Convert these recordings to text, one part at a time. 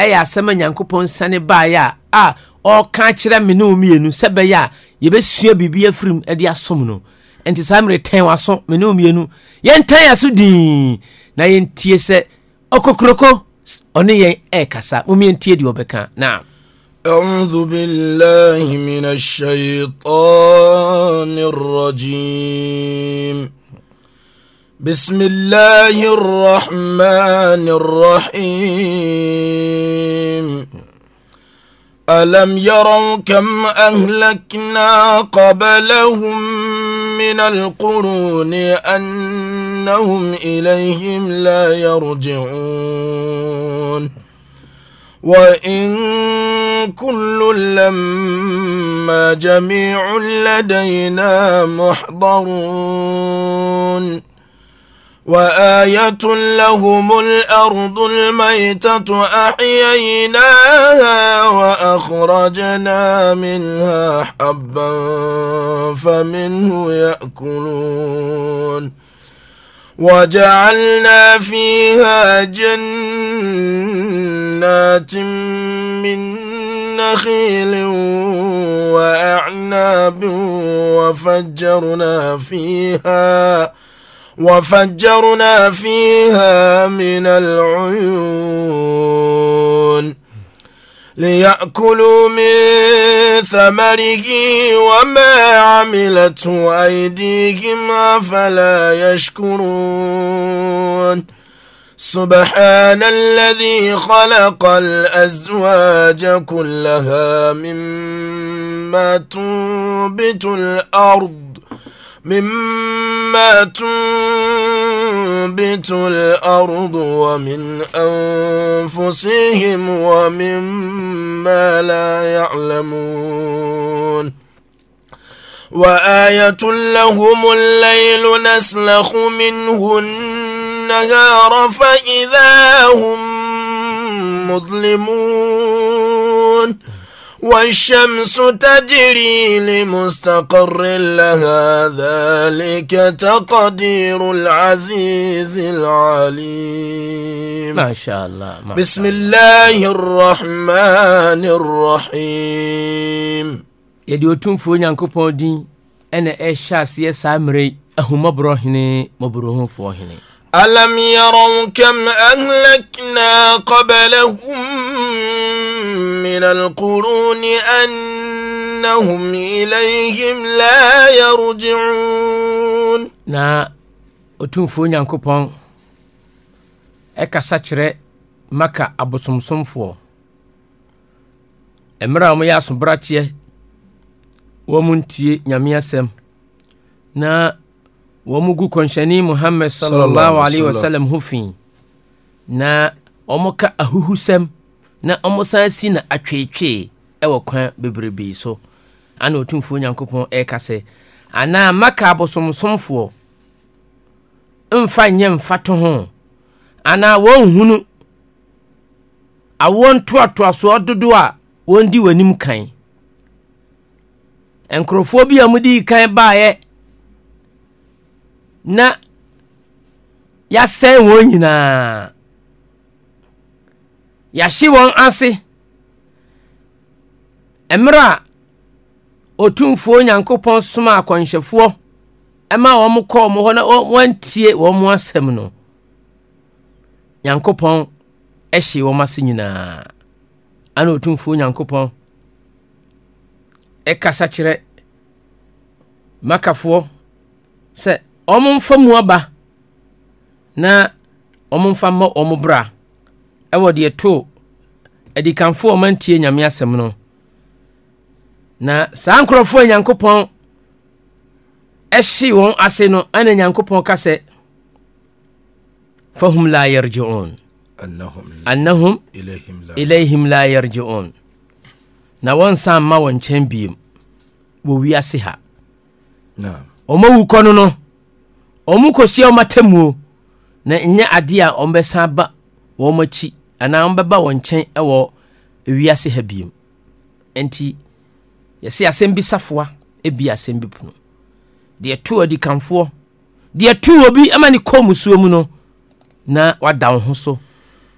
ɛyɛ asɛm a nyankopɔn sane baeɛ a a ɔka kyerɛ me ne wo mmienu sɛ bɛyɛ a yɛbɛsua biribi afiri mu de asom no ɛnti saa mmere tɛn waso me ne wo mmienu yɛntɛn aso dii na yɛntie sɛ ɔkokoroko ɔne yɛn ɛrekasa mom yɛntie deɛ ɔbɛka na أعوذ بالله من الشيطان الرجيم بسم الله الرحمن الرحيم ألم يروا كم أهلكنا قبلهم من القرون أنهم إليهم لا يرجعون وإن كل لما جميع لدينا محضرون وآية لهم الأرض الميتة أحييناها وأخرجنا منها حبا فمنه يأكلون وجعلنا فيها جنات من نخيل وأعناب وفجرنا فيها وفجرنا فيها من العيون ليأكلوا من ثمره وما عملته أيديهم أفلا يشكرون سبحان الذي خلق الأزواج كلها مما تنبت الأرض مما تنبت الأرض ومن أنفسهم ومما لا يعلمون وآية لهم الليل نسلخ منه النهار فإذا هم مظلمون والشمس تجري لمستقر لها ذلك تقدير العزيز العليم ما شاء الله ما بسم شاء الله. الله الرحمن الرحيم يدي وتم nyankopɔn din ɛna أنا aseɛ يا سامري أهو hene mɔborɔhofoɔ ألم يروا كم أهلكنا قبلهم من القرون أنهم إليهم لا يرجعون نا أتون فون ينكو بان أكا ساتر مكا أبو سمسمفو mmerɛ a wɔyɛ asobrakyeɛ wɔn mu ntie nyame asɛm na wɔn gu kɔnhyɛne muhammed sallallahu alaihi wasallam ho fi na wɔn ka ahuhusɛm na wɔn san si na atweetwee ɛwɔ kwan bebrebe so ana otumfuo nyankopɔn ɛreka sɛ anaa maka abosomsomfoɔ mfa nyɛ mfa to ho anaa wɔnhunu awoɔ ntoatoasoɔ dodoɔ a wɔndi w'anim kan nkurɔfoɔ bi a mudi kan baeɛ na yasɛe wɔn nyinaa yahye wɔn ase mmerɛ a ɔtumfuo nyankopɔn soma akɔnhyɛfoɔ ɛma wɔn kɔ wɔn hɔ na wɔntie wɔn asɛm no nyankopɔn ɛhye wɔn ase nyinaa ana ɔtumfuo nyankopɔn ɛkasa kyerɛ makafoɔ sɛ ɔmo mfa mu aba na ɔmo mfa mma ɔmo bra ɛwɔ deɛ to adikanfoɔ ɔmo ntie nyame asɛm no na saa nkurɔfoɔ nyankopɔn ɛhye wɔn ase no ɛna nyankopɔn ka sɛ fahum la yarji'un annahum ilaihim la yarji'un na wɔnsan mma wɔn nkyɛn biem wɔ wiase ha ɔmawu kɔ no no ɔmo kɔsia ɔmo atamuo na nyɛ adeɛ a ɔmo bɛsan ba wɔn akyi anaa ɔmo bɛba wɔn nkyɛn ɛwɔ ewiase ha biem nti yɛsɛ asɛm bi safoa ebi asɛm bi pono deɛ tu adi kanfoɔ deɛ tu obi ama ne kɔn mu suo mu no na wada wo ho so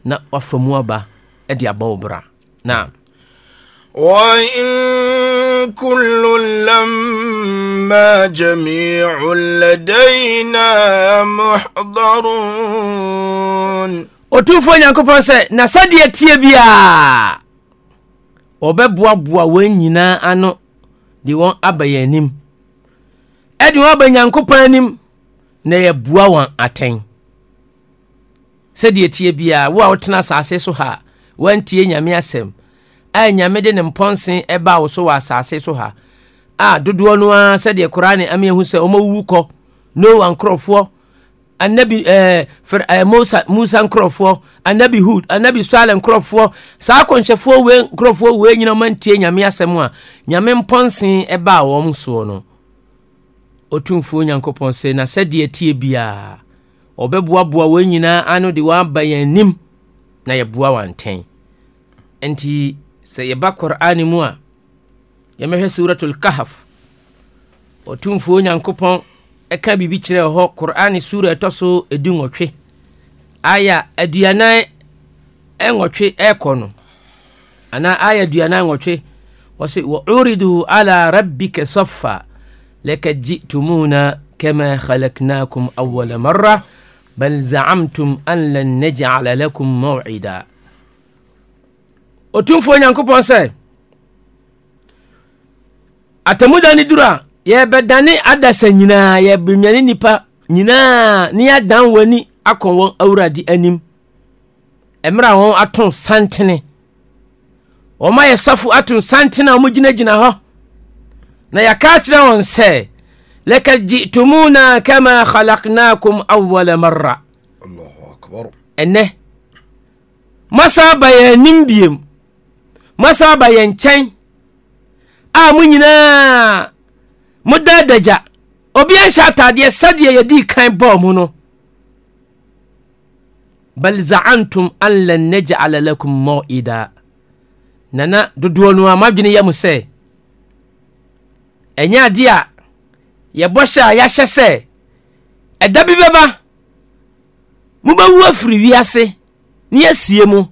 na wafa mu aba de aba wo bra na. وإن كل لما جميع لدينا محضرون ɔtumfoɔ nyankopɔn sɛ na sɛdeɛ tie bia ɔbɛboaboa wɔn nyinaa ano de wɔn aba yɛn anim ɛde wɔn aba nyankopɔn anim na yɛboa wɔn atɛn sɛdeɛ tie biaa wo a wotena asase so ha a woantie nyame asɛm a nyame de ne mpɔnsen ɛba wo so wɔ asase so ha a dodoɔ no ara sɛdeɛ koraa ne ame hu sɛ ɔmawuwu kɔ noa nkurɔfoɔ anabi ɛɛ eh, fir ɛɛ eh, musa musa nkurɔfoɔ anabi hud anabi sɔale nkurɔfoɔ saa akɔnhyɛfoɔ wee nkurɔfoɔ wee nyina ɔma ntie nyame asɛm a nyame mpɔnsen ɛbaa wɔn soɔ no otumfuo nyankopɔn sɛ na sɛdeɛ tie biara ɔbɛboaboa wɔn nyinaa ano de wɔn aba yɛn anim na yɛboa wɔn ntɛn nti sɛ yɛba qur'ane mu a yɛmɛhwɛ suratul kahf ɔtumfuo nyankopɔn ɛka biribi kyerɛ hɔ qur'ane sura ɛtɔ so ɛdi nwɔtwe aya aduanan ɛnwɔtwe ɛkɔ no anaa aya aduanan nwɔtwe wɔse wa uridu ala rabbika safa lakad jitumuna kama khalaknakum awwala marra bal zaamtum an lan naj'ala lakum maw'ida ɔtumfuɔ nyankopɔn sɛ atamudane duru a yɛbɛdane adasa nyinaa yɛbmiane nnipa nyinaa neyɛdan w'ani akɔ wɔ awurade anim merɛ a wɔ ato santene ɔma yɛsafo ato santene a mugyinagyina hɔ na yɛkaa kyerɛ wɔn sɛ laka yitomuuna kama alaknakum awal marraɛnɛmasa ba yɛ anim bim masa aba yɛn nkyɛn a mo nyinaa modaadagya obiaa nhyɛ ataadeɛ sɛdeɛ yɛdii kan bɔɔ mu no bal zaantum an lan najala lakum mawida nana dodoɔ no a moadwene yɛ mo sɛ ɛnyɛ ade a yɛbɔ hyɛ a yɛahyɛ sɛ ɛda bi bɛba mobɛwu afiri wiase na yɛasie mu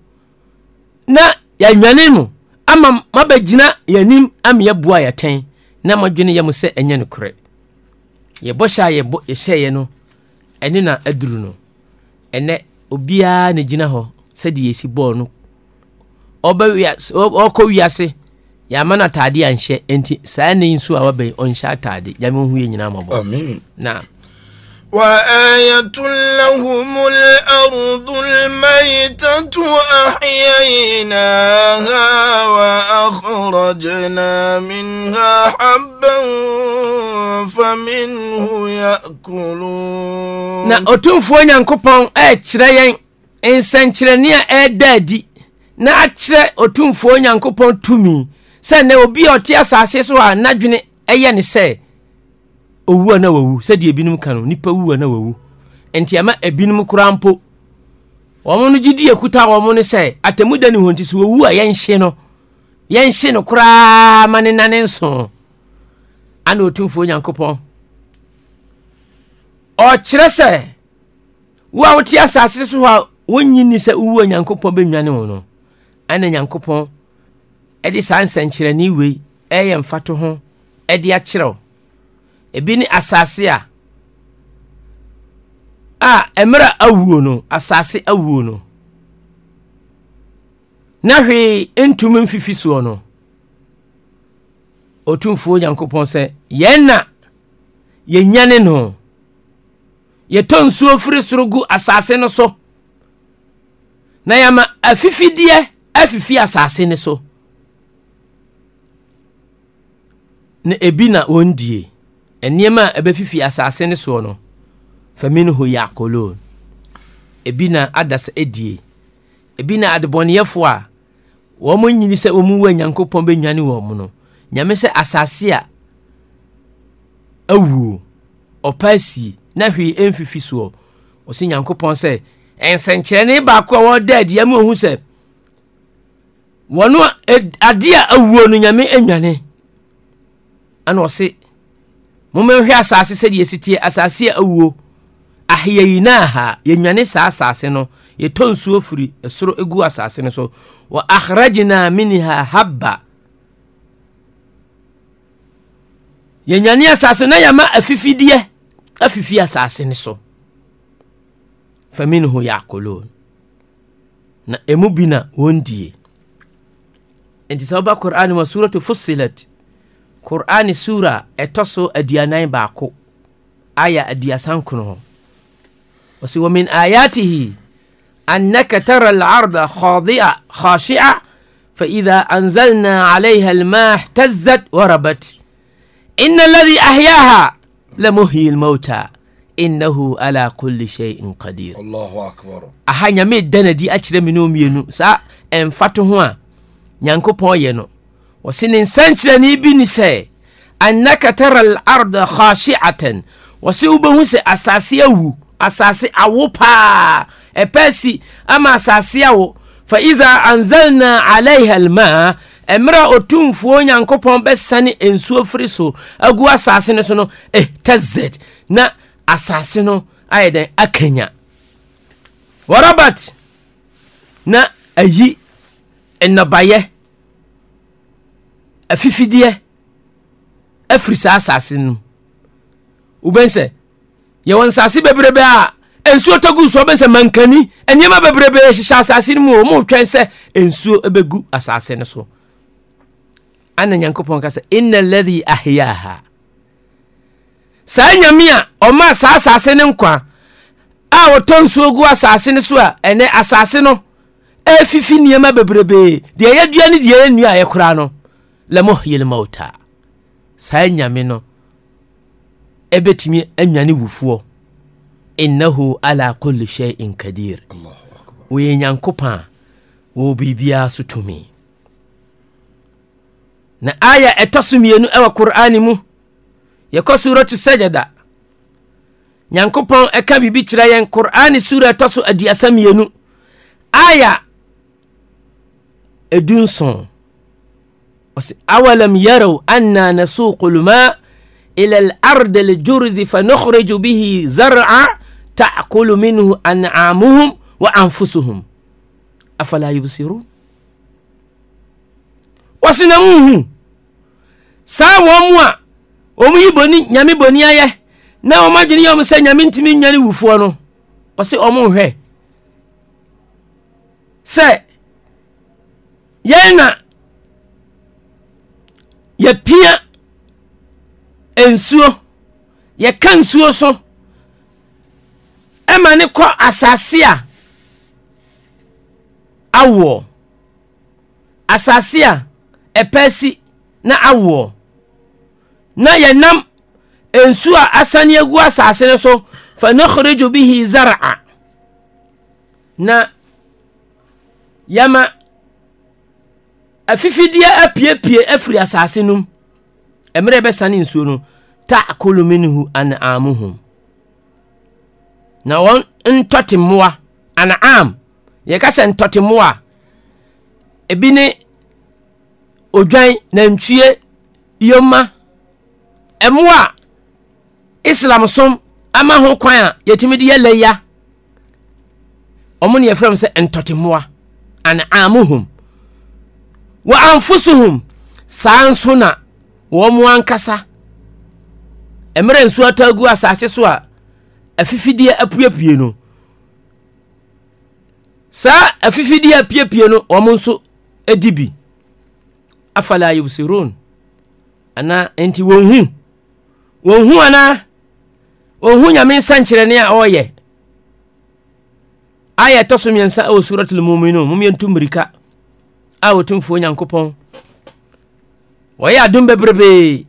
na yɛanwane no ama mabɛgyina yɛnim ama yɛboa yɛtɛn na madwene yɛ mo sɛ ɛnyɛ nokorɛ yɛbɔhyɛ a yɛhyɛeɛ no ɛne na aduru no ɛnɛ obiara na gyina hɔ sɛdeɛ yɛsi bɔɔl no ɔkɔ wiase yɛama no atade anhyɛ enti saa nne nso a wabɛyi ɔnhyɛ atade gyame ho yɛ nyinaa mɔbɔ na وآية لهم الأرض الميتة أحييناها وأخرجنا منها حبا فمنه يأكلون na otumfuo nyankopɔn ɛkyerɛ yɛn nsɛnkyerɛnne a ɛda adi na akyerɛ otumfuo nyankopɔn tumi sɛ na obi a ɔte asase so a n'adwene ɛyɛ ne sɛ owu a na wawu sɛdeɛ ebinom ka no nipa wu a na wawu nti ama ebinom koraa mpo wɔn no gyidi ekuta wɔn no sɛ atamuda ne wɔn ti so owu a yɛnhye no yɛnhye no koraa ma ne nane nso ana otumfuo nyankopɔn ɔkyerɛ sɛ wo a wote asase so hɔ a wonyini sɛ wowu a nyankopɔn bɛnwane wo no ɛna nyankopɔn ɛde saa nsɛnkyerɛnne wei ɛyɛ mfato ho ɛde akyerɛ ebi ne asase a a ɛmmera awuo no asase awuo no na hwee ntum mfifi soɔ no ɔtumfuɔ nyankopɔn sɛ yɛnna yɛnyane noh yɛtɔ nsuo firi soro gu asase no so na yɛma afifideɛ afifi asase ne so n ebi na ɔndie nneɛma a ɛbɛfifi asase ne soɔ no faminhu yakolon ebi na adasa edie ebi na adebɔneyɛfo a wɔn nyini sɛ wɔn wɔ nyankopɔn bɛnwane wɔn no nyame sɛ asase a awuo ɔpa asi na hwee ɛmfifi soɔ ɔsi nyankopɔn sɛ nsɛnkyerɛnne baako a wɔda adia mu ohu sɛ wɔn ade awuo no nyame anwane ɛna ɔsi mommɛnhwɛ asase sɛdeɛ ɛsiteɛ asase a awuo ahyainaha yɛnwane saa asase no yɛtɔnsuo firi soro ɛgu asaase no so wɔ ahragna minha haba yɛnwane asaase no na yɛma afifideɛ afifi asase ne so faminho yaculoun na ɛmu bina wɔn die nti sɛ woba kur'an wa surat fusilat qur'ane sura ɛtɔ so aduanan baako aya aduasa nkono hɔ ɔsi wɔ min ayatihi annaka tara alarda khadi'a khashi'a فإذا أنزلنا عليها الماء اهتزت وربت إن الذي أحياها لمحيي الموتى innahu ala kulli shay'in qadir Allahu akbar aha nyame dana di akyerɛ me no mmienu saa ho a nyankopɔn yɛ no wɔse ne nsɛnkyerɛne bi ne sɛ annaka tara alarda khashiatan wɔse wobɛhu sɛ asase awu asase awo paa ɛpɛsi ama asase awo fa iza anzalna alaiha almaa ɛmmerɛ a ɔtumfuo nyankopɔn bɛsane nsuo firi so agu asase no eh, so no ehtazet na asase no ayɛ dɛn akanya warabat na ayi nnabayɛ afifideɛ afiri saa asase no wobɛn sɛ yɛwɔ nsase bebrebe a nsuo tɔ gu so sɛ mankani nneɛma bebrebe hyehyɛ asase no mu wɔ motwɛn sɛ nsuo bɛgu asase no so ana nyankopɔn ka sɛ inna alladhi ahyaha saa nyame a ɔmaa saa asase no nkwa a wɔtɔ nsuo gu asase no so a ɛnɛ asase no ɛfifi nneɛma bebrebee deɛ yɛdua ne deɛ yɛnnua a yɛkoraa no lamuhyil mauta saa e nyame no ɛbɛtumi e anwane e wufoɔ innahu ala kulli shay'in kadir wɔyɛ nyankopɔn a wɔwɔ biribiara so tumi na aya ɛtɔ so mmienu ɛwɔ qur'ane mu yɛkɔ suratu sajada nyankopɔn ɛka biribi kyerɛ yɛn qur'ane sura ɛtɔ so aduasa mmienu aya ɛdunson awalam yaraw anna nasuqul ma ila al-ardi al-jurzi fanukhriju bihi zar'a ta'kulu minhu an'amuhum wa anfusuhum afala yubsirun wɔsinamuhu saa wɔn mu a wɔn yi boni nyame boni ayɛ na wɔn adwene yɛ wɔn sɛ nyame ntumi nyane wufoɔ no wɔsi wɔn hwɛ sɛ yɛn na yɛpia nsuo yɛka nsuo so ɛma ne kɔ asase a awoɔ asase a ɛpɛ si na awoɔ na yɛnam nsuo a asane agu asase no so fa nuhurigu bihi zaraa nayma afifideɛ apiepie afiri asase nom merɛ yɛbɛsane nsuo no taculuminhu anamuhum na wɔ ntɔte mmoa anam yɛka sɛ ntɔte mmoa bine odwan nantwe yoma moa islam som ama ho kwan a yɛtumi de yɛlɛ ya ɔmo neɛfrɛ m sɛ ntɔte mmoa anamohum wa anfusuhum saa nso na wɔn ankasa mmerɛ nsuo atɔ agu asase so a afifideɛ apuepue no saa afifideɛ apuepue no wɔn nso di bi afala yubsirun ana nti wɔn hu wɔn hu ana wɔn hu nyame nsankyerɛnne a ɔreyɛ aya ɛtɔ so mmiɛnsa ɛwɔ suratul muminun mu mmiɛntu mmirika a wɔtumfuo nyankopɔn wɔyɛ adom bebrebee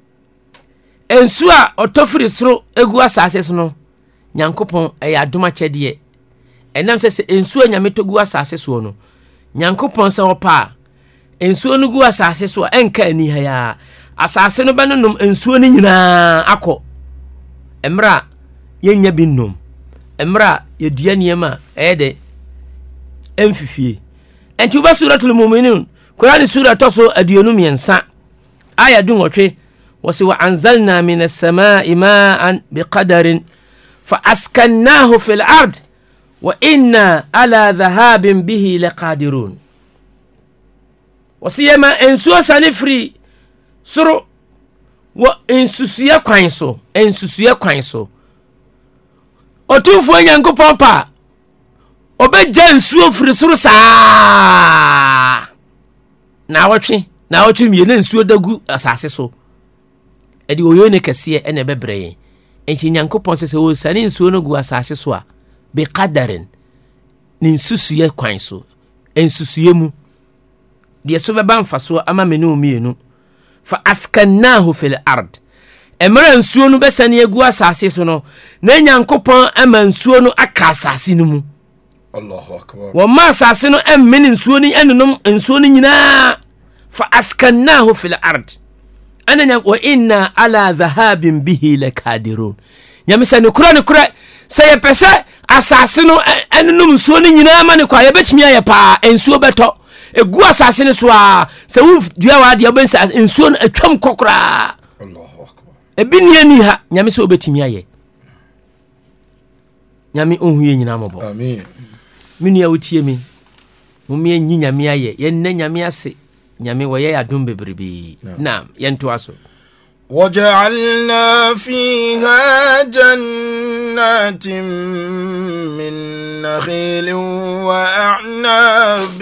nsu a ɔtɔ firi soro egu asase so no nyankopɔn ɛyɛ adom akyɛdeɛ ɛnam sɛ sɛ nsuo a nyame tɔ gu asase soɔ no nyankopɔn sɛ wɔpa a nsuo no gu asase so a ɛnka ani ha asase no bɛnonom nsuo no nyinaa akɔ mmerɛ a yɛnya bi nnom mmerɛ a yɛdua nneɛma a ɛyɛ dɛ ɛmfifie nti wobɛ suratul muminin kurane sura tɔ so aduonu mmiɛnsa aya dunwɔtwe wɔsi wa anzalna min assamai maan biqadarin fa askannahu fi lard wa inna ala dhahabin bihi laqadirun wɔsi yɛma nsuo sane firi soro wɔ nsusua kwan so nsusua kwan so ɔtumfuo nyankopɔn pa ɔbɛgya nsuo firi soro saa na awɔtwe na awɔtwe mmienu nsuo dagu gu asase so ɛde oyo ne kɛseɛ ɛna ɛbɛbrɛ yɛn nti nyankopɔn sɛ sɛ wɔsane nsuo no gu asase so a bekadarin ne nsusuɛ kwan so nsusuɛ mu deɛ so bɛba mfasoɔ ama me mmienu fa askannaho fil ard mmerɛ nsuo no bɛsane agu asase so no na nyankopɔn ama nsuo no aka asase no mu ɔma asase no men nsuono nyinaa fa askannaho fi lard wainna ala hahabin bihi lakadiron asɛ nkn sɛyɛpɛ sɛ asase nonn nsuo no yinaa manoa ybɛtumi ayɛ paa nsuoɛsse n ssaensuo twam kkoraanhɛ me wotie me momeɛ nyi nyame ayɛ yɛnnɛ nyame ase nyame wɔyɛ yɛ adom bebrebee na yɛntoa so وجعلنا فيها جنات من نخيل واعناب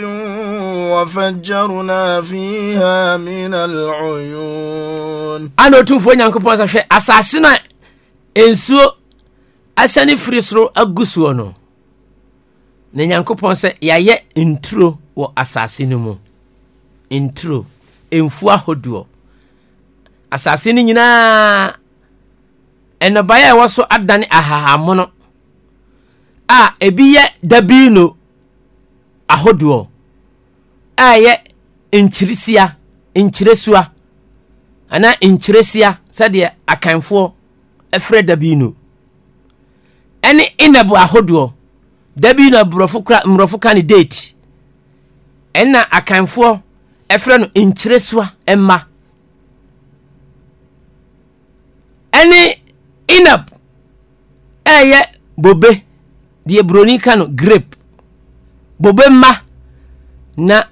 وفجرنا فيها من العيون انا otumfoɔ nyankopɔn sɛ hwɛ asase no a ɛnsuo asane firi soro agu soɔ no na nyankopɔn sɛ yɛayɛ nturo wɔ asase no mu nturo mfuo ahodoɔ asase no nyinaa nnɔbaeɛ a ɛwɔ so adane ahahamono a ebi yɛ dabino ahodoɔ a ɛyɛ nkyirisia nkyiresua anaa nkyiresia sɛdeɛ akanfoɔ ɛfrɛ dabino ɛne inabu ahodoɔ da bi na mmorɔfo ka ne date ɛna akanfoɔ ɛfrɛ no nkyeresoa mma ɛne inab ɛyɛ bobe deɛ buroni ka no grape bobe mma na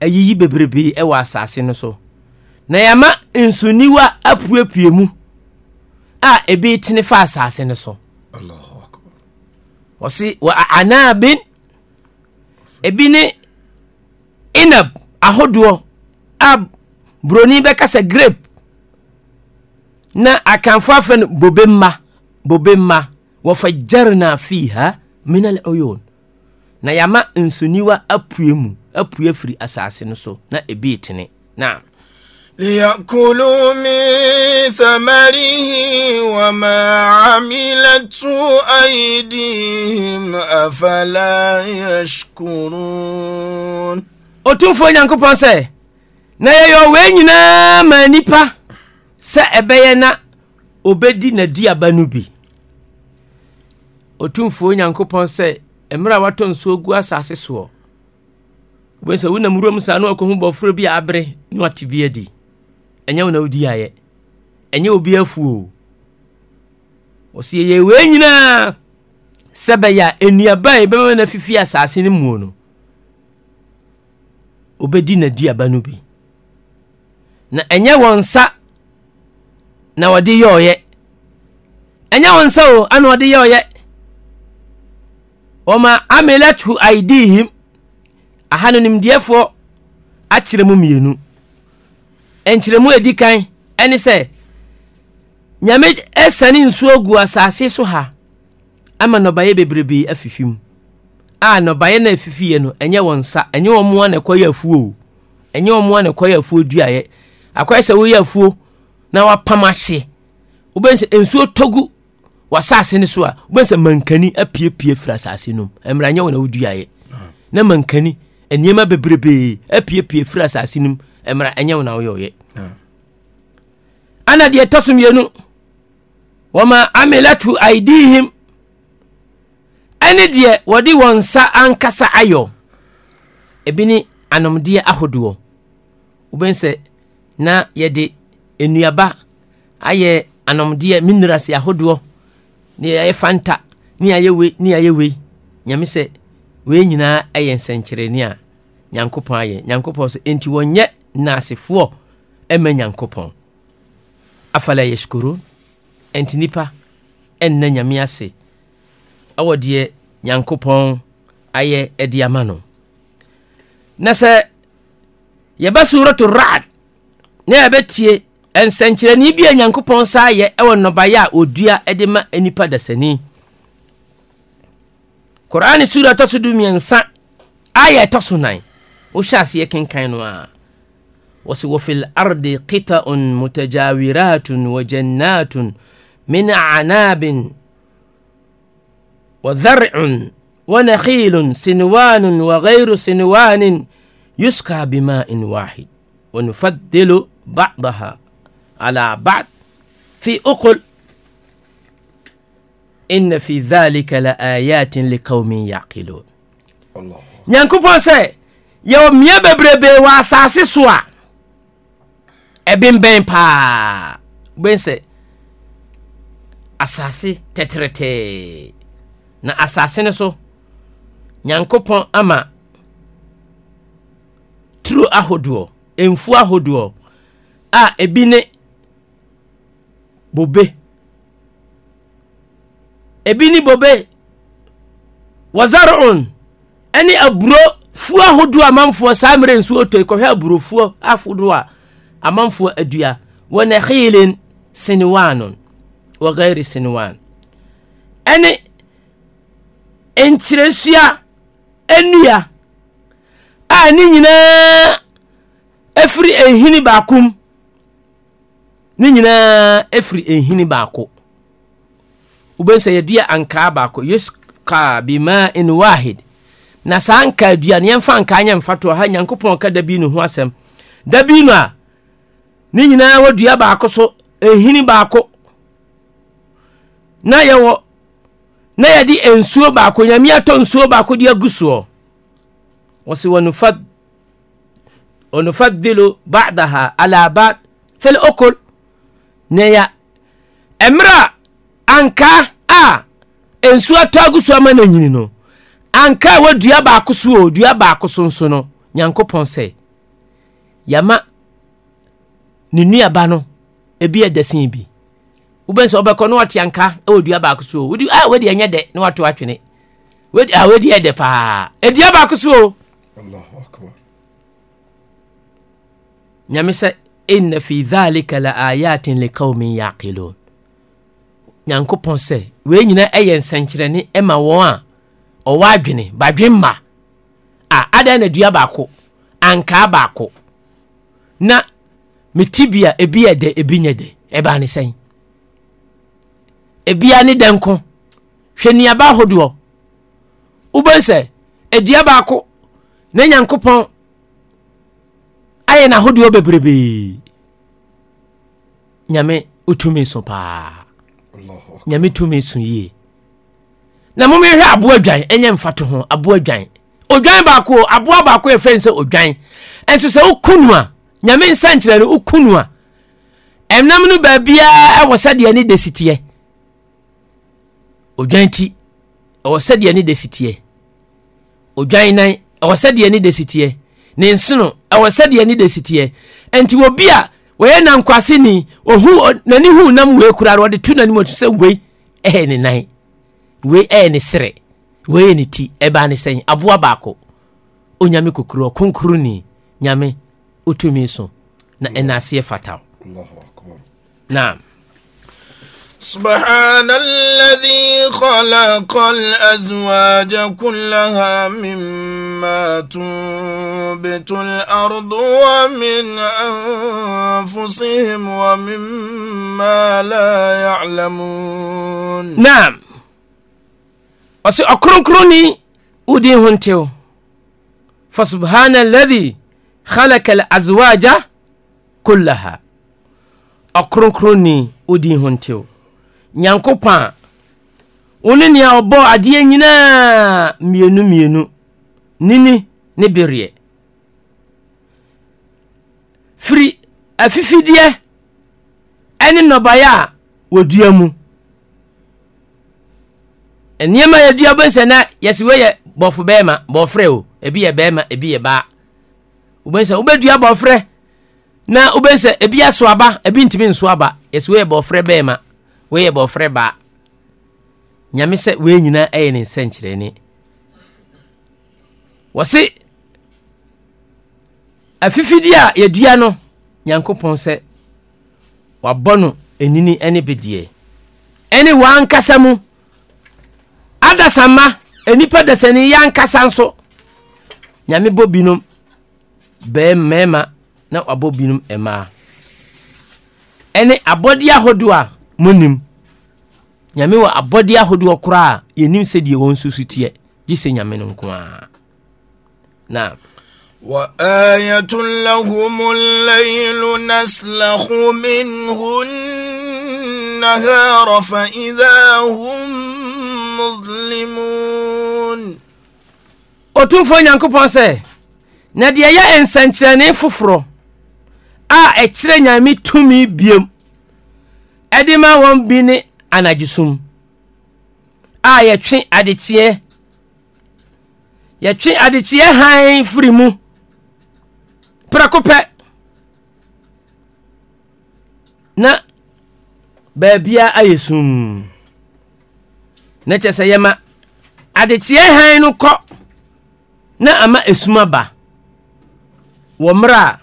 ayiyi bebrebe ɛwɔ asase no so na yɛama nsoniwa apuepue mu a ebi tene fa asase no so Allah ɔsi wa anaabin ebi ne inab ahodoɔ a buroni bɛkasa grape na akanfo afɛ no bobe mma bobe mma wɔfa gyarena fii ha minal oyon na yɛama nsoniwa apue mu apue firi asase no so na ebi tene naam ليأكلوا من ثمره وما عملته أيديهم أفلا يشكرون ɔtumfoɔ nyankopɔn sɛ na yɛyɛ ɔwei nyinaa ma nipa sɛ ɛbɛyɛ na obɛdi n'aduaba no bi ɔtumfoɔ nyankopɔn sɛ mmerɛ a watɔ nsuo gu asase soɔ wobɛhu sɛ wonam wuram saa na wakɔhu bɔforo bi a abere na wate bi adi ɛnyɛ wo na wodi ayɛ ɛnyɛ obi afuo wɔsi yɛyɛ wei nyinaa sɛ bɛyɛ a nnuaba a ɛbɛma no afifi asase no muo no obɛdi n'aduaba no bi na ɛnyɛ wɔn nsa na wɔde yɛ ɔyɛ ɛnyɛ wɔn nsa o ana wɔde yɛ ɔyɛ wɔma amelatu aidihim ahanonimdeɛfoɔ akyerɛ mu mmienu nkyerɛmu edi kan ɛne sɛ nyame ɛsane nsuo gu asase so ha ama nnɔbaeɛ bebrebe afifi mu a nnɔbaeɛ no afifiiɛ no ɛnyɛ wɔn nsa ɛnyɛ wɔn mmoa na ɛkɔyɛ afuo o ɛnyɛ wɔn mmoa na ɛkɔyɛ afuo duaeɛ akɔyɛ sɛ woyɛ afuo na wapam ahye wobɛn sɛ nsuo tɔ gu w'asase no so a wobɛn sɛ mankani apiepie firi asase no mu mmara wɔn na woduaeɛ na mankani nneɛma bebrebee apiepie firi asase no mu mmara ɛnyɛ wo na woyɛ ɔyɛ ana deɛ ɛtɔ so mmienu wɔma amilatu aidihim ɛne deɛ wɔde wɔn nsa ankasa ayɔ ebi ne anomdeɛ ahodoɔ wobɛn sɛ na yɛde nnuaba ayɛ anomdeɛ minerals ahodoɔ ne yɛyɛ fanta ne yɛayɛ wei ne yɛayɛ we nyame sɛ wei nyinaa ɛyɛ nsɛnkyerɛnne a nyankopɔn ayɛ nyankopɔn sɛ enti wɔnyɛ naasefoɔ ɛma nyankopɔn afala yɛskuron ɛnti nipa ɛnna nyame ase ɛwɔ deɛ nyankopɔn ayɛ ɛde ama no na sɛ yɛbɛ surato rad na yɛbɛtie nsɛnkyerɛnne bi a nyankopɔn sa yɛ ɛwɔ nnɔbaeɛ a ɔdua ɛde ma nipa dasani korane sura ɛtɔ so du mmiɛnsa ayɛ ɛtɔ so nan wohyɛ aseɛ kenkan no a وفي الأرض قطع متجاورات وجنات من أعناب وزرع ونخيل سنوان وغير سنوان يسقى بماء واحد ونفضل بعضها على بعض في أقل إن في ذلك لآيات لقوم يعقلون الله nyankopɔn sɛ yɛwɔ mmea bebrebe wɔ asase ɛbenbɛn paa wobɛn sɛ asase tɛtrɛtɛɛ na asase no so nyankopɔn ama turo ahodoɔ mfuo ahodoɔ a ebi ne bobe ebi ne bobe wɔzaron ɛne aburo fu ahodoɔ amanfoɔ saa mmerɛ nsuo tɔ kɔhwɛ aburo fu ahodoɔ a nile sinann nkyerɛsua nua ne nyinaa firi hini ayinaa firi hini bakowousyadaankaa inh nasaa nka aduanyɛmfaanka yafatha nyankopɔkadabnohoasmdaino ne nyinaa wɔ dua baako so hini baako nayɛwɔ na yɛde nsuo baako yameatɔ nsuo baako de ag soɔ ɔsnufailo badaha alaba f merɛ anka a nsuatɔ agu soa ma na nyini no anka wdua baako soo dua baako so nsono yankopɔsɛ ne nuaba no ebi yɛ dɛsɛn bi wobɛn sɛ ɔbɛkɔ na ɔte anka ɛwɔ dua baako so wodi a wodi ɛnyɛ dɛ na wato atwene wodi a wodi yɛ dɛ paa edua baako so nyame sɛ inna fi dhalika la ayatin li qaumin yaqilun nyankopɔn sɛ wei nyina ɛyɛ nsɛnkyerɛnne ɛma wɔn a ɔwɔ adwene badwen ma a adan na dua baako ankaa baako na me tibia ebi yɛ dɛ ebi nyɛ dɛ ɛbaa ne sɛn ebia ne dɛ nko hwɛ nneɛma ahodoɔ wobɛn sɛ edua baako ne nyankopɔn ayɛ n'ahodoɔ bebrebee nyame otumi so paa nyame tumi so yie na mommɛhwɛ aboa adwan ɛnyɛ mfato ho aboa adwan odwan baako aboa baako yɛ e fɛn sɛ odwan ɛnso sɛ woku nyame nsankyerɛ nsɛnkyerɛne wokunu a ɛnam no baabiaa ɛwɔ sɛdeɛ ne da siteɛ odwan ti ɛwɔ sɛdeɛ ne da siteɛ odwan nan ɛwɔ sɛdeɛ ne da siteɛ ne nsono ɛwɔ sɛdeɛ ne da siteɛ ɛnti obi a wɔyɛ nankwase ni ohu n'ani hu nam wei kura no ɔde tu n'anim ɔtu sɛ wei ɛyɛ ne nan wei ɛyɛ ne serɛ wei yɛ ne ti ɛbaa ne sɛn aboa baako onyame kokuro ɔkonkoro ni nyame wotumi so na ɛna aseɛ fata wo naam سبحان الذي خلق الأزواج كلها مما تنبت الأرض ومن أنفسهم ومما لا يعلمون نعم وسي أكرم كروني ودي هنتيو فسبحان الذي خلق الأزواج كلها أكرون كروني أدين هنتيو نيانكو پا وني نيانو بو عدين ينا مينو مينو نيني نبيري فري أفيفي دي أني نبايا وديامو نيما يديا بسنا يسوي بوفو بيما بوفريو ebi yɛ bɛrima ebi wobɛsɛ wobɛdua bɔfrɛ na wobɛsɛ ebi aso aba ebi ntumi nso aba yɛsɛ woyɛ bɔfrɛ bɛɛma woyɛ bɔfrɛ baa nyame sɛ wei nyinaa ɛyɛ ne nsɛnkyerɛnne wɔse afifidi a yɛdua no nyankopɔn sɛ wabɔ no enini ne bedeɛ ɛne wankasa mu adasamma enipa dasani yɛ ankasa nso nyame bɔ binom bɛɛ mmama na wabɔ binom ɛmaa ɛne abɔdeɛ ahɔdeɔ a monim nyame wɔ abɔdeɛ ahɔdeɔ koraaa yɛnim sɛdeɛ wɔn susu teɛ gye sɛ nyame no nko anaɔtumfo nyankpɔ sɛ na deɛ yɛ nsɛnkyerɛnne foforɔ a ɛkyerɛ nyame tumi biem ɛde ma wɔn bi ne anadwesum a yɛtwe adekyeɛ yɛtwe adekyeɛ hann firi mu prɛko pɛ na baabia ayɛ sum na kyɛ sɛ yɛma adekyeɛ hann no kɔ na ama esum ba. wɔ mmerɛ a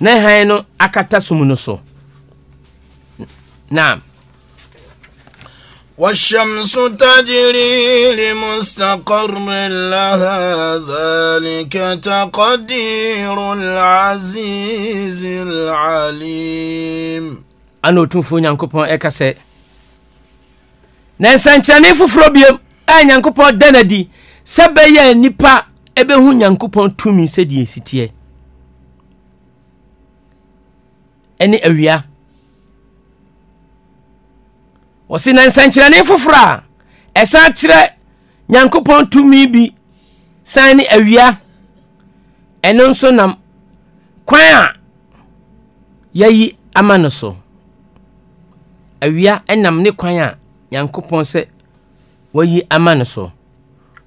na hann no akata som no so na والشمس تجري لمستقر لها ذلك تقدير العزيز العليم ana ɔtumfoɔ nyankopɔn ɛka sɛ na nsɛnkyerɛnne foforɔ biom a nyankopɔn da no adi sɛ bɛyɛ nnipa ɛbɛhu nyankopɔn tumi sɛdeɛ ne awia ɔ si nansankyerɛne foforɔ a ɛsan kyerɛ nyankopɔn tumi bi san ne awia ɛno nso nam kwan a yɛyi ama no so awia nam ne kwan a nyankopɔn sɛ wayi ama no so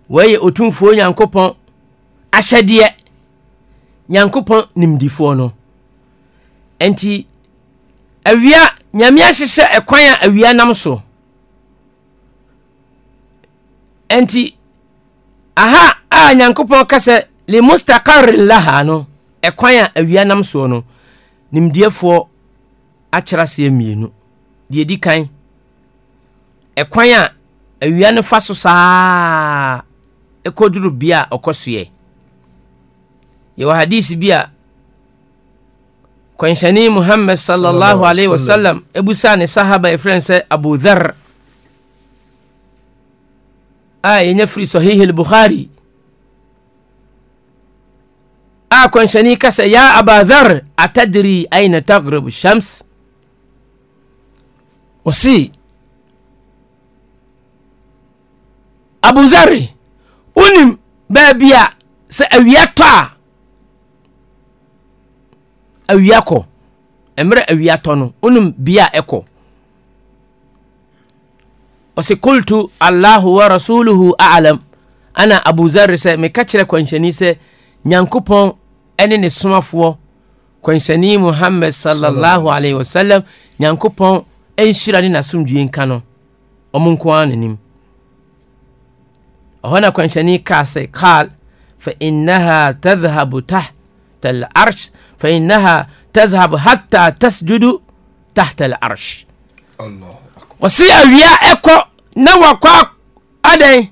wɔyɛ otumfoo nyankopɔn ahyɛdeɛ nyankopɔn nimdifoɔ no nti awia nyame ahyehyɛ ɛkwan a awia nam so nti aha a nyankopɔn ka sɛ lemustakarin laha no ɛkwan a awia nam soɔ no nimdeɛfoɔ akyerɛ aseɛ mmienu deɛ di kan ɛkwan a awia no fa so saa ɛkɔduru bia a ɔkɔ soɛ yɛwɔ hadis bi a kwanhyɛne muhammad sallallahu alaihi wasallam ɛbusaa ne sahaba ɛfrɛ no sɛ abudhar a yɛnya firi sahih al-bukhari a kwanhyɛne ka sɛ ya abadhar atadri aina tagrib shams wɔse abuzare wonim baabi a sɛ awia tɔ a wmerɛawiatɔ nonbiaa ɛkɔ ɔsi kult allah wa rasuluhu alam ana abulheere sɛ meka kyerɛ kwanyani sɛ nyankopɔn ne ne somafoɔ kwansyane muhamad sa wasalam nyankopɔn nsura ne nasomdwie nka no ɔm koanani ɔhɔ na kwanyane ka sɛ karl fainnaha tadhab tahta alars fainnaha tashab hata tasjud tahta alars ɔ se awia ɛkɔ na wkadn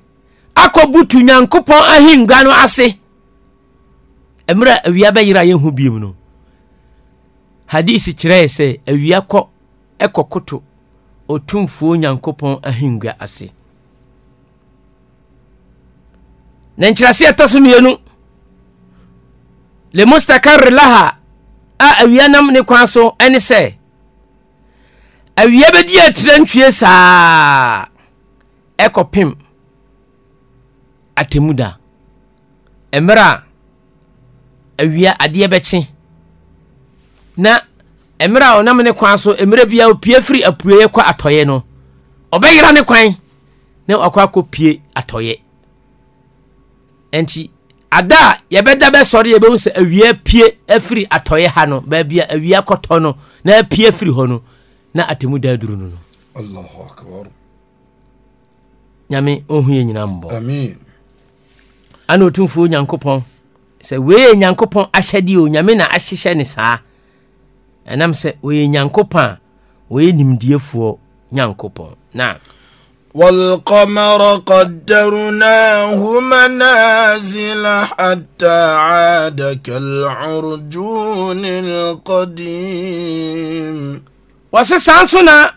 ak butu nyankopɔn ahengua no ase merɛ awia bɛyerɛayɛ bimu no hadise kyerɛɛ sɛ wiak koto ɔtomfuo nyankopɔn ahengaasenyɛs Le lemustakar laha a awia nam ne kwan so ne sɛ awia bɛdi atire ntwie saa ɛkɔpem atemuda mmerɛ a awia adeɛ bɛkye na mmerɛ a ɔnam ne kwan so mmerɛ bia opie firi apueɛ kɔ atɔeɛ no ɔbɛyera ne kwan na wakɔ akɔ pie atɔeɛ nti ada yɛbɛda bɛsɔre yɛbɛhu sɛ awia pie afiri atɔeɛ ha no baabi awia kɔtɔ no na apie afiri hɔ no na atemu da duru no no nyame ɔhu yɛ nyina mbɔ ana ɔtumfuo nyankopɔn sɛ wei nyankopɔn ahyɛdeɛ o nyame na ahyehyɛ ne saa ɛnam sɛ ɔyɛ nyankopɔn a ɔyɛ nimdiefoɔ nyankopɔn na والقمر قدرناه منازل حتى عاد كالعرجون القديم wɔsesan so na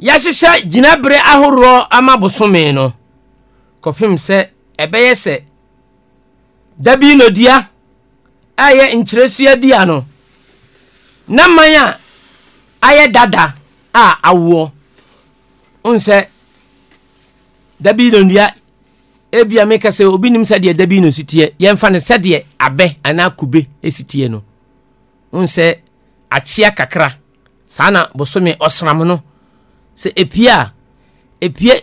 yɛahyehyɛ gyinabere ahoroɔ ama bosome no kɔpem sɛ ɛbɛyɛ sɛ dabino dua a yɛ nkyerɛsua dua no na man a ayɛ dada a awoɔ nsɛ dabino nnua ebia meka sɛ obi nim sɛdeɛ dabino si teɛ yɛmfa no sɛdeɛ abɛ anaa kube si teɛ no n sɛ akyea kakra saa na bosome ɔsram no sɛ epia a epie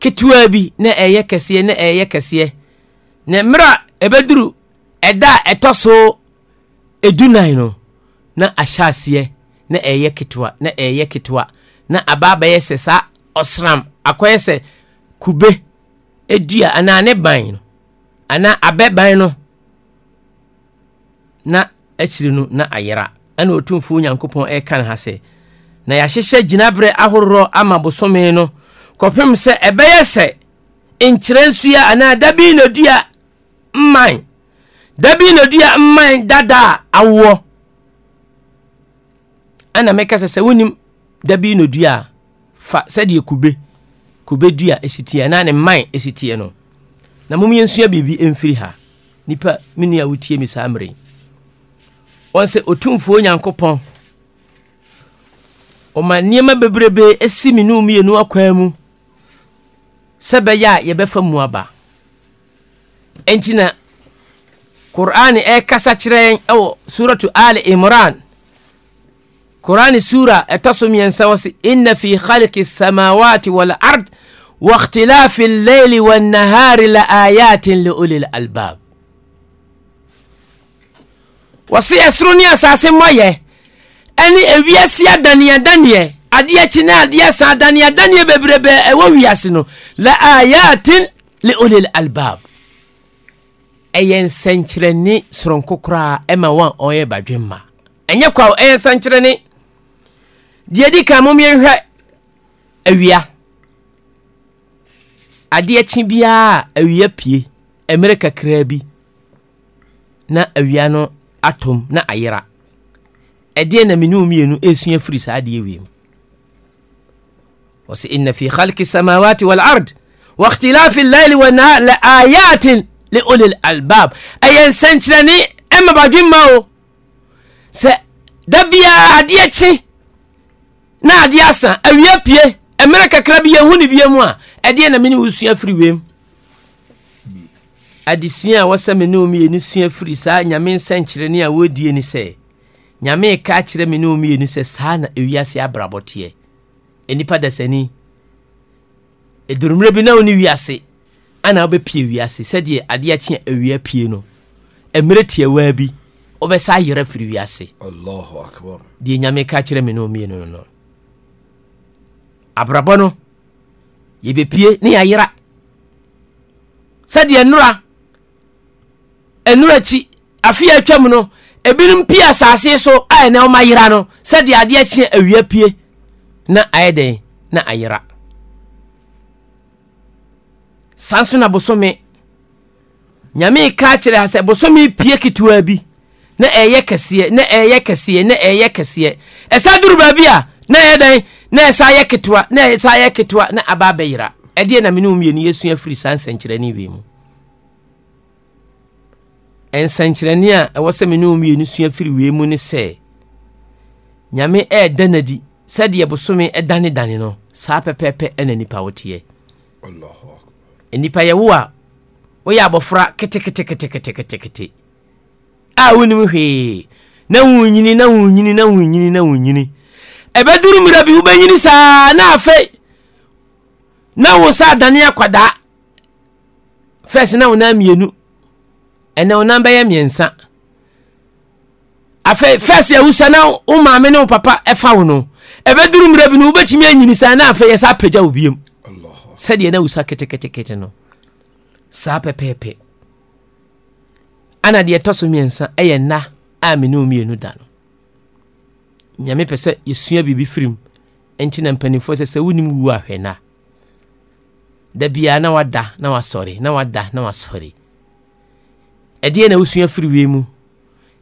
ketewa bi na ɛyɛ kɛseɛ na ɛyɛ kɛseɛ na mmerɛ a ɛbɛduru ɛda a ɛtɔ so edunan no na ahyɛ aseɛ na ɛyɛ ketewa na ɛyɛ ketewa na abaa bɛyɛ sɛ saa ɔsram akɔyɛ sɛ kube dua anaa ne ban no anaa ban no na akyiri no na ayera ɛna ɔtumfuo nyankopɔn ɛka no ha sɛ na yɛahyehyɛ gyinaberɛ ahoroɔ ama bosome no kɔpem sɛ ɛbɛyɛ sɛ nkyerɛ nsua anaa ana bi na dua mman dabi na dua mman dada awoɔ ɛna meka sɛ sɛ wonim dabi bi na dua fa sɛdeɛ kube kobɛdua esitie na ne man esitie no na mom yɛnsua biribi mfiri ha nipa me wotie mi saa mmere wɔn sɛ otumfuo nyankopɔn ɔma nneɛma bebrebe esi mi nu mmienu mu sɛ bɛyɛ a yɛbɛfa mu aba ɛnti na qur'an ɛkasa kyerɛ ɛwɔ suratu ali imran qur'ani sura ɛtɔ so mmiɛnsa wɔ se inna fi khaliki samawati walard واختلاف الليل والنهار لآيات لأولي الألباب wɔse ɛsoro ne asase mmɔyɛ ɛne ewiase adaneadaneɛ adeɛ kyi ne adeɛ sa adaneadaneɛ bebrebe ɛwɔ wiase no la ayatin le olil albab ɛyɛ nsɛnkyerɛnne soronko koraa ɛma wɔn a ɔyɛ badwemma ɛnyɛ kwa ɛyɛ nsɛnkyerɛnne deɛ di kan mommɛnhwɛ awia adeɛ kye biara awia pie mmerɛ kakraa bi na awia no atom na ayera ɛdeɛ na mene wo mmienu ɛsua firi saa adeɛ wie mu wɔsɛ inna fi khalqi samawati walard li ulil albab لآيات لأولي الألباب أي o أما بجمعه س دبيا أديتشي na ade asa awie pie mmerɛ kakra bi yɛhu ne bia mu a ɛdeɛ na mene wosua firi wei mu adesua a wɔsɛ me ne wo mmienu sua firi saa nyame nsɛnkyerɛnne a wɔdie ni sɛ nyame ka kyerɛ me ne sɛ saa na ewiase abrabɔ teɛ enipa dasani edurumire bi na wo ne wiase ana wobɛpie wiase sɛdeɛ adeɛ kye awia pie no mmerɛ tiawaa bi wobɛsa ayerɛ firi wiase deɛ nyame ka kyerɛ me ne wo mmienu no no abrabɔ no yɛbɛpie ne yɛayera sɛdeɛ nnora nnora akyi afe yɛ atwam no ebinom pie asase so a ɛnɛ ɔma yera no sɛdeɛ adeɛ kyeɛ awia pie na ayɛ dɛn na ayera saa nso na bosome nyame ka kyerɛ ha sɛ bosome pie ketewa bi na ɛyɛ kɛseɛ na ɛyɛ kɛseɛ na ɛyɛ kɛseɛ ɛsɛ duru baabi a na ɛyɛ dɛn naɛsɛ yɛ ketewasa yɛ ketewa na ababɛyera ɛdeɛ na mensafsaanskyerɛnei nsnkyerɛne ɛwɔ sɛmena firimu n sɛ yameɛdanadi sɛdeɛ bosome dandan no saa ppɛ nanipa woteɛ nipa yɛwoa woyɛ abɔfora ketekte wonm h na wyinina winwyinina woyini ɛbɛduru mmerɛ bi wobɛnyini saa na afei na wo sa adane akwadaa fɛs na wo nan mmienu ɛnɛ wo nan bɛyɛ mmiɛnsa afei fɛs awusa na wo maame ne wo papa ɛfa wo no ɛbɛduru mmerɛ bi no wobɛtumi anyini saa na afei yɛsa apagya wo biam sɛdeɛ na wusa ketekete no saa pɛpɛɛpɛ ana deɛ ɛtɔ so mmiɛnsa ɛyɛ nna a me wo mmienu da no nyame pɛ sɛ yɛsua biribi firim ɛnti na mpanimfoɔ sɛ sɛ wonim wu ahwɛ na da biara na wada na wasɔre na wada na wasɔre ɛdeɛ na wosua firi wie mu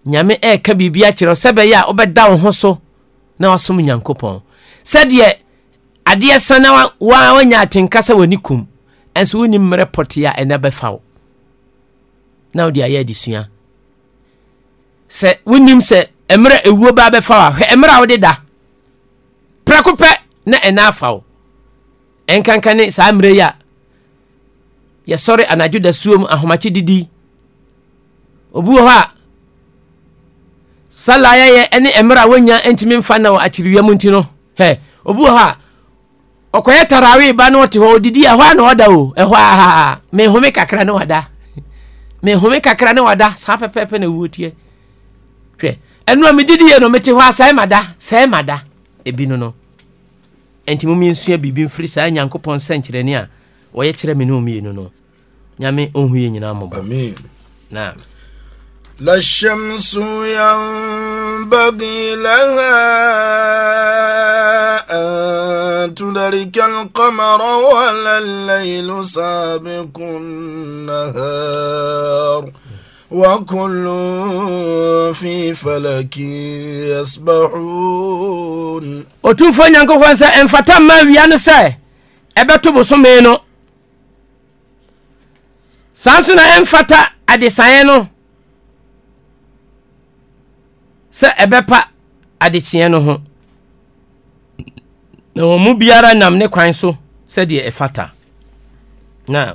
nyame ɛɛka biribi akyerɛ sɛ bɛyɛ a wobɛda wo ho so na wasom nyankopɔn sɛdeɛ adeɛ sa na wa wanya atenka sɛ w'ani kum ɛnso wonim mmerɛ pɔte a ɛna bɛfa wo na wode ayɛ adesua sɛ wonim sɛ mmerɛ ewuo ba bɛfa wa hwɛ mmerɛ a wɔde da prɛko pɛ na ɛna afa wo nkankane saa mmerɛ yi a yɛsɔre anadwo da suo ahomakye didi obi wɔ hɔ a sala yɛyɛ ne mmerɛ a wɔnya ntumi mfa na wɔ akyiriwia mu nti no hɛ obi wɔ hɔ a ɔkɔyɛ tarawe ba na ɔte hɔ odidi a na ɔda o ɛhɔ a mehome kakra ne wada mehome kakra ne wada saa pɛpɛɛpɛ na wuo tiɛ hwɛ ɛnua medidi yɛ no mete hɔ a sɛe mada sɛe mada ebi no no ɛnti mo mensua biribi mfiri saa nyankopɔn sɛnkyerɛni a wɔyɛ kyerɛ me ne ɔmienu no nyame ɔnhu yɛ nyinaa mmɔbɔ na لا الشمس ينبغي لها أن تدرك القمر ولا الليل سابق النهار وكل في فلك يسبحون otumfo nyankopɔn sɛ ɛmfata mma awia no sɛ ɛbɛto bosome no saa nso na ɛmfata adesaeɛ no sɛ ɛbɛpa adekyeɛ no ho na wɔn mu biara nam ne kwan so sɛdeɛ ɛfata na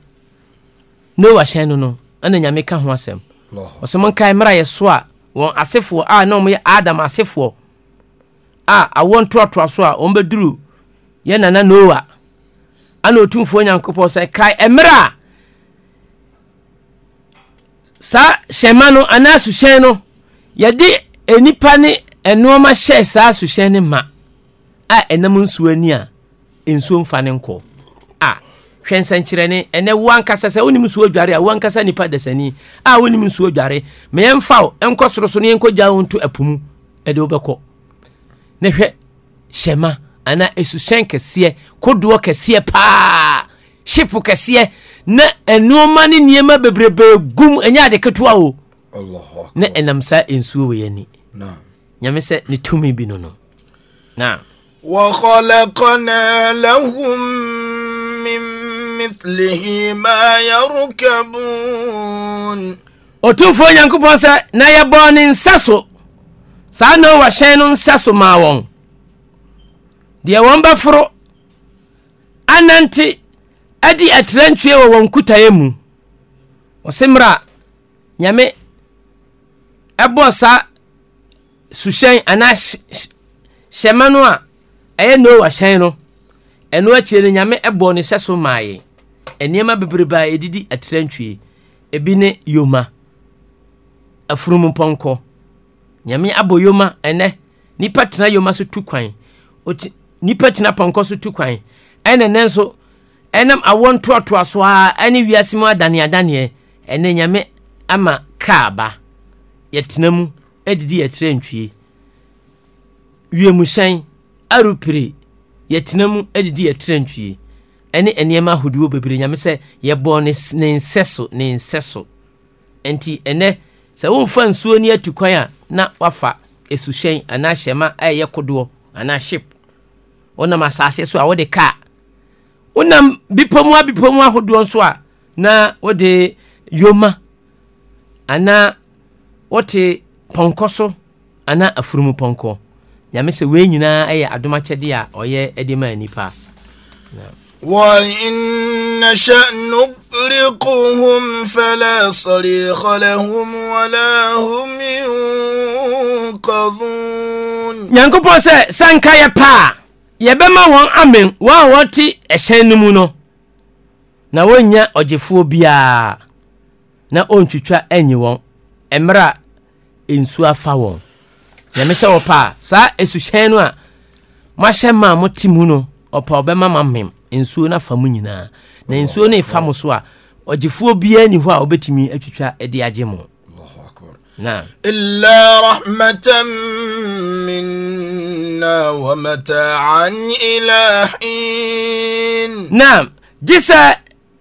noa hyɛn no no ɛna nyame ka ho asɛm ɔsɛ monkae mmara yɛ so a wɔn asefoɔ a na ɔmoyɛ adam asefoɔ a awo ntoatoa so a wɔn bɛduru yɛ nana noa ana otumfoɔ nyankopɔn sɛ kae ɛmmerɛ a saa hyɛma no anaa suhyɛn no yɛde nipa ne nnoɔma hyɛ saa suhyɛn no ma a ɛnam nsuo ani a nsuo mfa ne nkɔ a hwɛ ɛnɛ wankasa sɛ wonim nsuo dware a wankasa nipa dasani a wonim nsuo dware ma yɛmfa ɛnkɔ soro so ne yɛnkɔgya wo nto apo mu ɛde wobɛkɔ na hwɛ hyɛma anaa ɛsuhyɛn kɛseɛ kodoɔ kɛseɛ paa shipo kɛseɛ na ɛnoɔma ne nneɛma bebrebee gum ɛnyɛ ade ketewa o na ɛnam saa nsuo wei ani nyame sɛ ne tumi bi no no na وخلقنا لهم ومثله ما يركبون ɔtumfoɔ nyankopɔn sɛ na yɛbɔɔ ne nsa so saa na ɔwɔ hyɛn no nsa so maa wɔn deɛ wɔn bɛforo anante adi atirantwie wɔ wɔn kutaeɛ mu wɔse mmerɛ a nyame ɛbɔ saa suhyɛn anaa hyɛma no a ɛyɛ noa hyɛn no ɛno akyire no nyame ɛbɔɔ ne sɛ so maa yɛn nneɛma bebrebe a ɛdidi atirantwie ebi ne yoma afurum pɔnkɔ nyame abɔ yoma ɛnɛ nipa tena yoma so tu kwan oti nipa tena pɔnkɔ so tu kwan ɛna nɛ nso ɛnam awɔ ntoatoa so a ɛne wiase mu adaneadaneɛ ɛnɛ nyame ama kaa ba yɛtena mu adidi yɛtirantwie wiemuhyɛn arupire yɛtena mu adidi yɛtirantwie ɛne nneɛma ahodoɔ bebree nyame sɛ yɛbɔ ne nsɛ so ne nsɛ so nti ɛnɛ sɛ womfa nsuo ni atu kwan a na wafa esuhyɛn anaa hyɛma a ɛyɛ kodoɔ anaa ship wonam asase so a wode kaa wonam bipɔmu a bipɔmu ahodoɔ nso a na wode yoma anaa wote pɔnkɔ so anaa afurumu pɔnkɔ nyame sɛ wei nyinaa ɛyɛ adomakyɛdeɛ a ɔyɛ de maa nipa yeah. وإن نشأ نغرقهم فلا صريخ لهم ولا هم ينقذون nyankopɔn sɛ sanka yɛ paa yɛbɛma wɔn amen wɔn a wɔte ɛhyɛn no mu no na wɔnnya ɔgyefoɔ biara na ɔntwitwa anyi wɔn mmerɛ a nsuo afa wɔn nyame sɛ wɔ paa saa asuhyɛn no a moahyɛ ma a mote mu no ɔpa ɔbɛma ma mem nsuo no afa mo nyinaa na nsuo no fa mo so a ɔgyefoɔ biara nni hɔ a wobɛtumi atwitwa de agye mona gye sɛ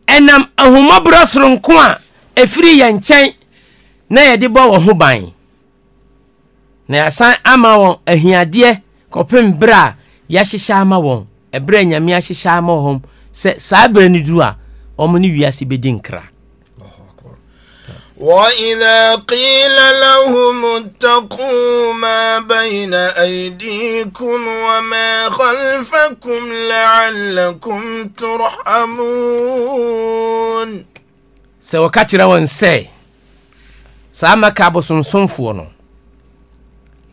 ɛnam ahomɔborɔ soro nko a ɛfiri yɛ nkyɛn na yɛde bɔ wɔ ho ban naasane ama wɔn ahiadeɛ kɔpem berɛ a yɛahyehyɛ ama wɔn ɛberɛ nyame ahyehyɛ ama hɔ sɛ saa berɛ no duru a ɔmo ne wiase bɛdi nkra وإذا قيل لهم اتقوا ما بين أيديكم وما خلفكم لعلكم ترحمون sɛ wɔka kyerɛ wɔn sɛ saa maka abosonsomfoɔ no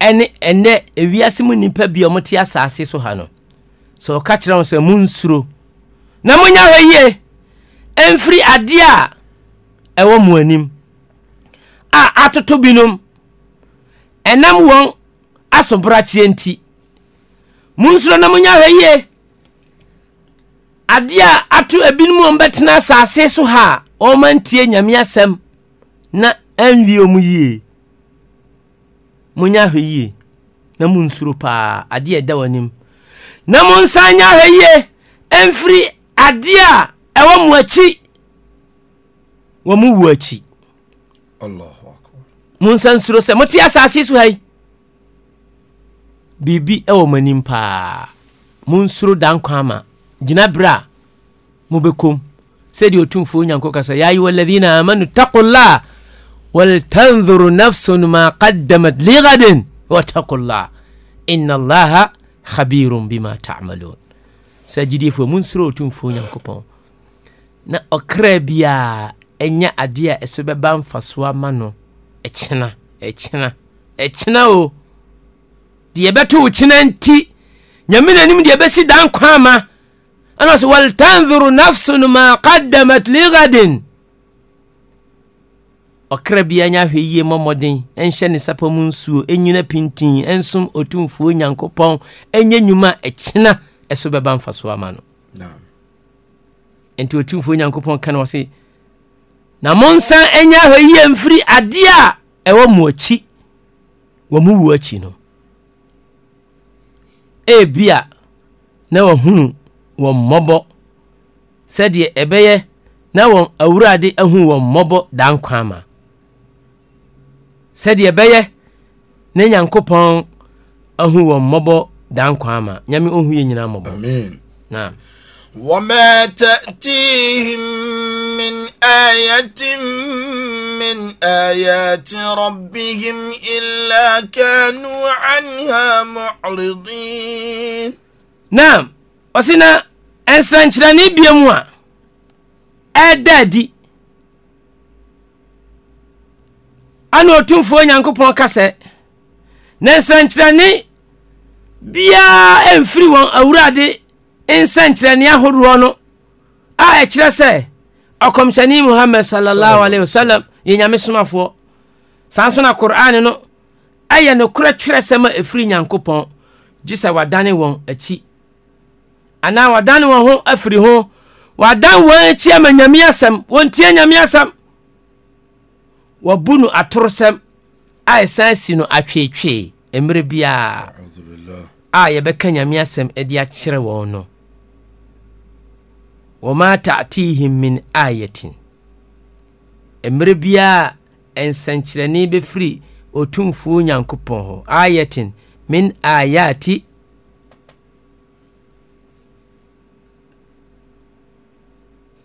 ɛne ɛnɛ ewiase mu nnipa bi a wɔte asase so ha no sɛ ɔka kyerɛ wo sɛ monsuro na monya hɔ yie ɛmfiri adeɛ a ɛwɔ mo anim a atoto binom ɛnam wɔn asobrakyeɛ nti monsuro na monya hɔ yie adeɛ a ato ebinom wɔn bɛtena asase so ha a wɔmantie nyame asɛm na ɛnwie mu yie monya hɔ yie na monsuro paa adeɛ ɛda w'anim mosa nya ahaye fr adia ɛwɔ mo aki w muwu aki msasur s moti asase so hai biribi wɔ mani paa mosuro dakoama inabrɛ mobkm sɛdeɛ otunfo yakkas auwalin amanu taolah waltaoru nasn ma adamt legaden watala khabirum bima tamalun saa gyidiefo mu nsuro ɔtumfuo nyankopɔn na ɔkra bia ɛnya adeɛ a ɛso bɛba mfasoɔ ama no ɛkyena e ɛkyena o deɛ ɛbɛto wo kyena nti nyame nanim deɛ ɛbɛsi da nkwa ama ana sɛ waltanzuru nafsun ma qaddamat ligadin ɔkra bia nya hwɛ yie mmɔmmɔden ɛnhyɛ ne sapa mu nsuo ɛnyina pintin ɛnsom ɔtumfuo nyankopɔn ɛnyɛ nnwuma ɛkyena ɛso bɛba mfa so ama no ɛnti ɔtumfuo nyankopɔn ka na ɔse na monsan ɛnyɛ ahwɛ yie mfiri adeɛ a ɛwɔ mo akyi wɔ mu wu akyi no ebia na wahunu wɔn mmɔbɔ sɛdeɛ ɛbɛyɛ na wɔn awurade ahu wɔn mmɔbɔ dan kwan ma sɛdeɛ ɛbɛyɛ ne nyankopɔn ahu wɔ mmɔbɔ dankwa ama nyame ɔhuyi nyina mmɔbɔna ɔ seina ɛnsrankyerɛne bia mu a ɛda adi ana ɔtumfoɔ nyankopɔn ka sɛ ne nsɛnkyerɛnne biara ɛmfiri wɔn awurade nsɛnkyerɛnne ahoroɔ no a ɛkyerɛ sɛ ɔkɔmhyɛne muhammad sallallahu alaihi wasallam yɛ nyame somafoɔ saa nso na koran no ɛyɛ nokorɛ twerɛsɛm a ɛfiri nyankopɔn gye sɛ wadane wɔn akyi anaa wadane wɔn ho afiri ho wadan wɔn akyi ama nyame asɛm wɔntie nyame asɛm wabu no atorosɛm a ɛsan si no atweetwee mmerɛ biara a yɛbɛka nyame asɛm de akyerɛ wɔn no wɔma tatihim min ayatin mmerɛ biara nsɛnkyerɛnne bɛfiri ɔtumfuo nyankopɔn hɔ ayatin min ayati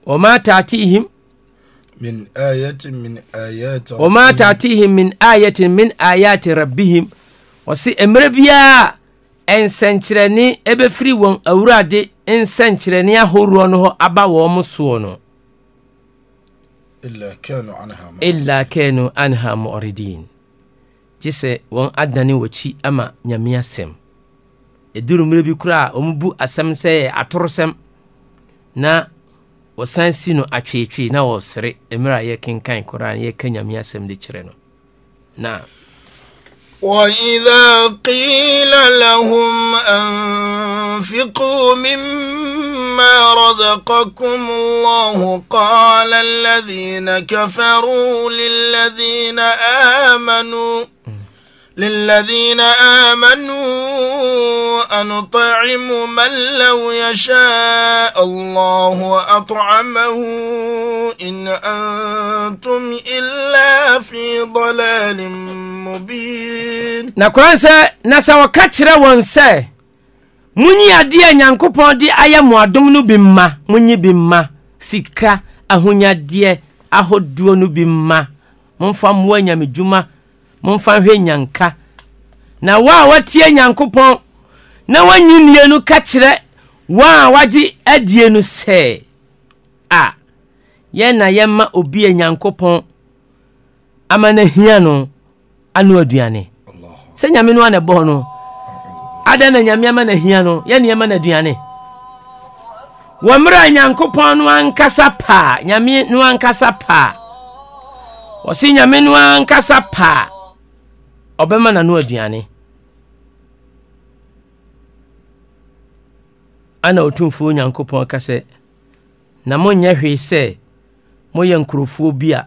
wɔma tatihim ɔ ma tatihim min ayatin min ayati rabbihim ɔ se mmerɛ biaa ɛnsɛnkyerɛ ne bɛfiri wɔn awurade nsɛnkyerɛ ne ahoroɔ no hɔ aba wɔ mosoɔ noila kano anha mɔridin gye sɛ wɔ adnane wɔkyi ama nyame asɛm ɛdurummerɛ bi koraa ɔmubu asɛm sɛɛ atorosɛm wɔsan si no atwetwe na wɔsere mmerɛ a yɛkenkan koraa na yɛka nyame asɛm de kyerɛ no na وإذا قيل لهم أنفقوا مما رزقكم الله قال الذين كفروا للذين آمنوا للذين آمنوا أنطعم من لو يشاء الله أطعمه إن أنتم إلا في ضلال مبين نقرأ نسا وكتر ونسى munyi adeɛ nyankopɔn de ayɛ mo adom no bi mma munyi bi mma sika ahonyadeɛ ahodoɔ no bi mma momfa mmoa nyamedwuma momfa nhwɛ nyanka na wo a watie nyankopɔn na woanyinie no ka kyerɛ wo a wagye adie no sɛ a yɛn na yɛma obi a nyankopɔn ama no ahia no ano aduane sɛ nyame no ana ɛbɔ no adɛn na nyame ama no ahia no yɛne no aduane wɔ mmerɛ a nyankopɔn no ankasa paa nyame no ankasa paa wɔse nyame no ankasa paa ɔbɛma n'ano aduane ana ɔtumfuo onyankopɔn ka sɛ na monyɛ hwee sɛ moyɛ nkurɔfoɔ bi a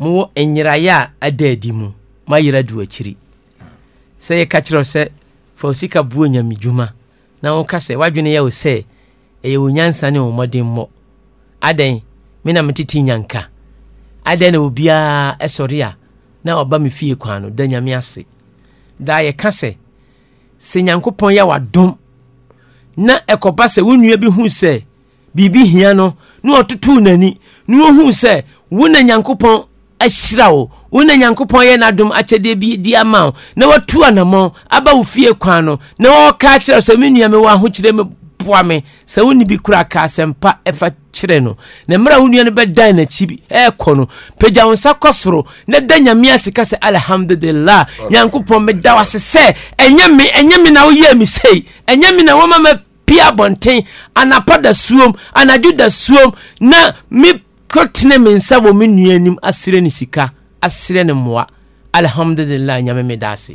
mowɔ nyeraeɛ a ada adi mu moayera adu akyiri sɛ yɛka kyerɛ sɛ fa wo sika buo nyamedwuma na woka sɛ w'adwene yɛ wo sɛ ɛyɛ wo nyansa ne wɔmmɔden mmɔ adɛn me na metete nyanka adɛn na obiaa ɛsɔre a na ɔba me fie kwan no da nyame ase daa yɛka sɛ sɛ nyankopɔn yɛ wadom na ɛkɔba sɛ wo nua bi hu sɛ biribi hia no na ɔtotoo n'ani na ɔhu sɛ wo na nyankopɔn ahyira wo wo na nyankopɔn yɛ n'adom akyɛdeɛ bi di ama wo na watu anammɔn aba wo fie kwan no na wɔka akyerɛ sɛ me nua wɔ ahokyerɛ boa me sɛ woni bi kora ka asɛmpa ɛfa kyerɛ no na mmerɛ wo nua no bɛdan n'akyi bi ɛɛkɔ no pagya wo nsa kɔ soro na da nyame asika ka sɛ alhamdulillah nyankopɔn meda w ase sɛ ɛnyɛ me ɛnyɛ me na woyɛɛ me sei ɛnyɛ me na wɔma ma pia abɔnten anapa da suom anadwo da suom na me kɔtene me nsa wɔ me nua anim asrɛ ne sika asrɛ ne mmoa alhamdulillah nyame meda ase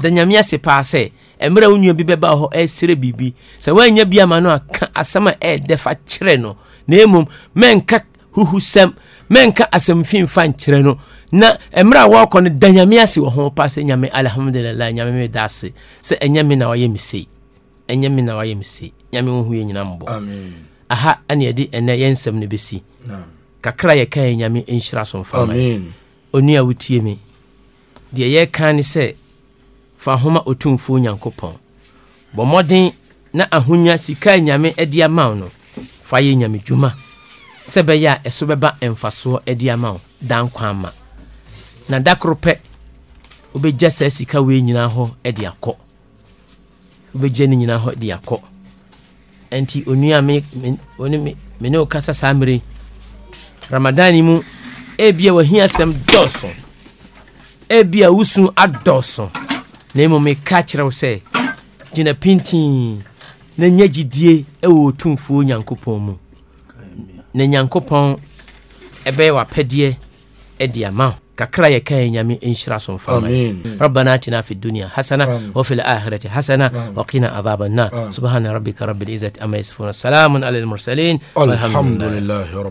da nyame ase paa sɛ mmerɛ wo nua bi bɛba hɔ ɛsrɛ eh, biribi sɛ woanya bi ama no aka asɛm a ɛɛdɛ eh, fa kyerɛ no na mmom mɛnka huhusɛm mɛnka asɛm fimfa nkyerɛ no na mmerɛ a wɔkɔ no da nyame ase wɔ ho pa sɛ nyame alhamdulillah nyame meda ase sɛ ɛnyɛ me na wayɛ me sei ɛnyɛ me na wayɛ me sei nyame wo hu yɛ nyina mbɔ aha ɛne yɛde ɛnɛ yɛ nsɛm no bɛsi kakra yɛka yɛ nyame nhyira so mfa ma ɔnua wotie me deɛ yɛka ne sɛ fa homa otumfuo nyankopɔn bɔ mmɔden na ahonya sika nyame de ama wo no fa yɛ nyame dwuma sɛ ɛbɛyɛ a ɛso bɛba mfasoɔ de ama wo da nkwa ama na da koro pɛ wobɛgya saa sika wei nyinaa hɔ de akɔ wobɛgya no nyinaa hɔ de akɔ ɛnti onua me me ne wo kasa saa mmere ramadan mu ebia wahia asɛm dɔɔso ebia wusu adɔɔso na mmom meka kyerɛw sɛ gyina pintin na nya gyidie wɔ ɔtumfuo nyankopɔn mu na nyankopɔn ɛbɛyɛ wapɛdeɛ adi ama wo kakra yɛka ɛ nyame nhyira somfama rabbana atina fi dunia hasana wa fi lakhirati hasana wa qina adhaba nnar subhana rabbika rabbil izzati amma yasifun assalamun ala almursalin walhamdulillahi rabbil